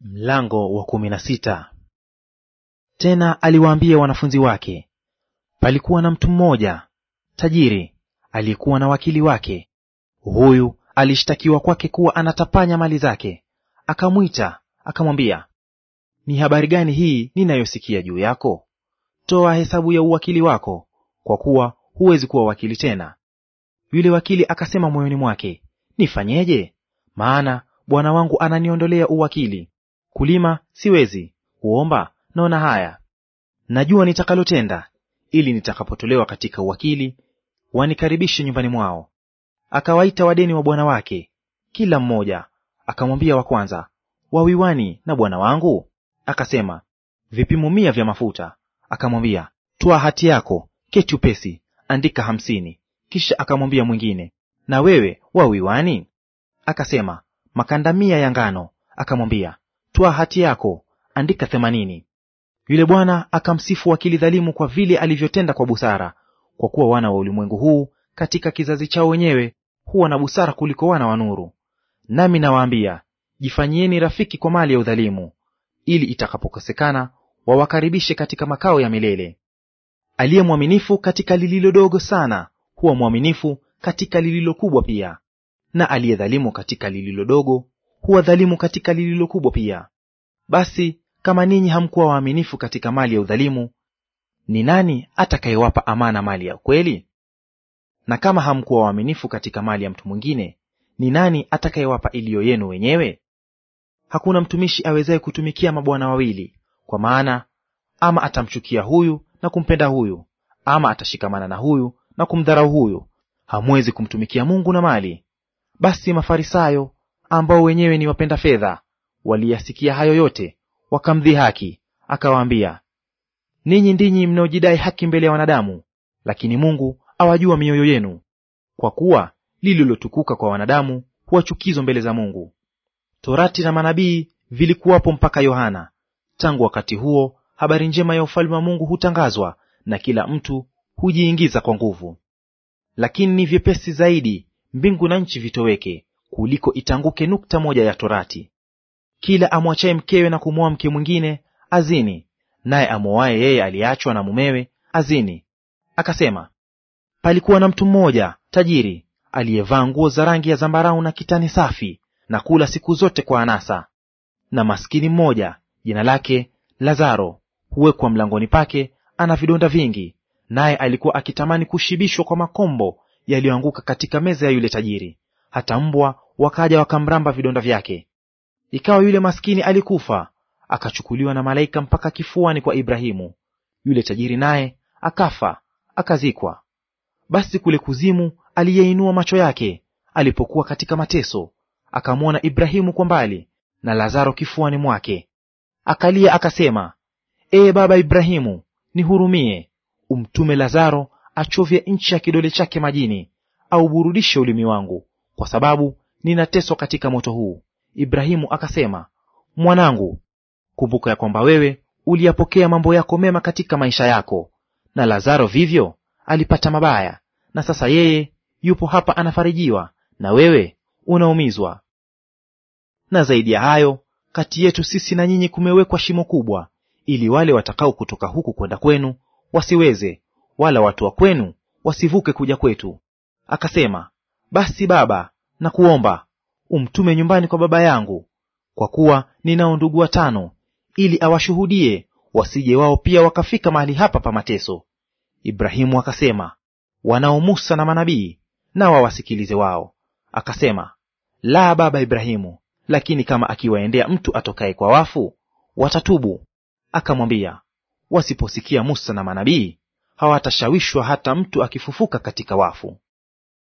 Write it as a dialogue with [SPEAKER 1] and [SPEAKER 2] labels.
[SPEAKER 1] Mlango wa kumi na sita. Tena aliwaambia wanafunzi wake, palikuwa na mtu mmoja tajiri aliyekuwa na wakili wake. Huyu alishtakiwa kwake kuwa anatapanya mali zake. Akamwita akamwambia, ni habari gani hii ninayosikia juu yako? Toa hesabu ya uwakili wako, kwa kuwa huwezi kuwa wakili tena. Yule wakili akasema moyoni mwake, nifanyeje? Maana bwana wangu ananiondolea uwakili. Kulima siwezi, kuomba naona haya. Najua nitakalotenda, ili nitakapotolewa katika uwakili wanikaribishe nyumbani mwao. Akawaita wadeni wa bwana wake kila mmoja, akamwambia wa kwanza, wawiwani na bwana wangu? Akasema, vipimo mia vya mafuta. Akamwambia, twa hati yako, keti upesi, andika hamsini. Kisha akamwambia mwingine, na wewe wawiwani? Akasema, makanda mia ya ngano. Akamwambia, twaa hati yako, andika themanini. Yule bwana akamsifu wakili dhalimu kwa vile alivyotenda kwa busara, kwa kuwa wana wa ulimwengu huu katika kizazi chao wenyewe huwa na busara kuliko wana wa nuru. Nami nawaambia, jifanyieni rafiki kwa mali ya udhalimu, ili itakapokosekana wawakaribishe katika makao ya milele. Aliye mwaminifu katika lililodogo sana huwa mwaminifu katika lililokubwa pia, na aliyedhalimu katika lililodogo huwa dhalimu katika lililo kubwa pia. Basi kama ninyi hamkuwa waaminifu katika mali ya udhalimu, ni nani atakayewapa amana mali ya ukweli? Na kama hamkuwa waaminifu katika mali ya mtu mwingine, ni nani atakayewapa iliyo yenu wenyewe? Hakuna mtumishi awezaye kutumikia mabwana wawili, kwa maana ama atamchukia huyu na kumpenda huyu, ama atashikamana na huyu na kumdharau huyu. Hamwezi kumtumikia Mungu na mali. Basi Mafarisayo, ambao wenyewe ni wapenda fedha, waliyasikia hayo yote wakamdhihaki. Akawaambia, ninyi ndinyi mnaojidai haki mbele ya wanadamu, lakini Mungu awajua mioyo yenu, kwa kuwa lililotukuka kwa wanadamu huwa chukizo mbele za Mungu. Torati na manabii vilikuwapo mpaka Yohana. Tangu wakati huo habari njema ya ufalme wa Mungu hutangazwa, na kila mtu hujiingiza kwa nguvu. Lakini ni vyepesi zaidi mbingu na nchi vitoweke, kuliko itanguke nukta moja ya torati. Kila amwachaye mkewe na kumwoa mke mwingine azini, naye amwoaye yeye aliyeachwa na mumewe azini. Akasema, palikuwa na mtu mmoja tajiri aliyevaa nguo za rangi ya zambarau na kitani safi na kula siku zote kwa anasa. Na maskini mmoja jina lake Lazaro huwekwa mlangoni pake, ana vidonda vingi, naye alikuwa akitamani kushibishwa kwa makombo yaliyoanguka katika meza ya yule tajiri. Hata mbwa wakaja wakamramba vidonda vyake. Ikawa yule maskini alikufa, akachukuliwa na malaika mpaka kifuani kwa Ibrahimu. Yule tajiri naye akafa, akazikwa. Basi kule kuzimu aliyeinua macho yake alipokuwa katika mateso, akamwona Ibrahimu kwa mbali na Lazaro kifuani mwake. Akalia akasema, Ee baba Ibrahimu, nihurumie, umtume Lazaro achovye nchi ya kidole chake majini, auburudishe ulimi wangu, kwa sababu ninateswa katika moto huu. Ibrahimu akasema, mwanangu, kumbuka ya kwamba wewe uliyapokea mambo yako mema katika maisha yako, na Lazaro vivyo alipata mabaya, na sasa yeye yupo hapa anafarijiwa, na wewe unaumizwa. Na zaidi ya hayo, kati yetu sisi na nyinyi kumewekwa shimo kubwa, ili wale watakao kutoka huku kwenda kwenu wasiweze, wala watu wa kwenu wasivuke kuja kwetu. Akasema, basi baba, na kuomba umtume nyumbani kwa baba yangu, kwa kuwa ninao ndugu watano, ili awashuhudie, wasije wao pia wakafika mahali hapa pa mateso. Ibrahimu akasema, wanao Musa na manabii, na wawasikilize wao. Akasema, la, baba Ibrahimu, lakini kama akiwaendea mtu atokaye kwa wafu watatubu. Akamwambia, wasiposikia Musa na manabii hawatashawishwa hata mtu akifufuka katika wafu.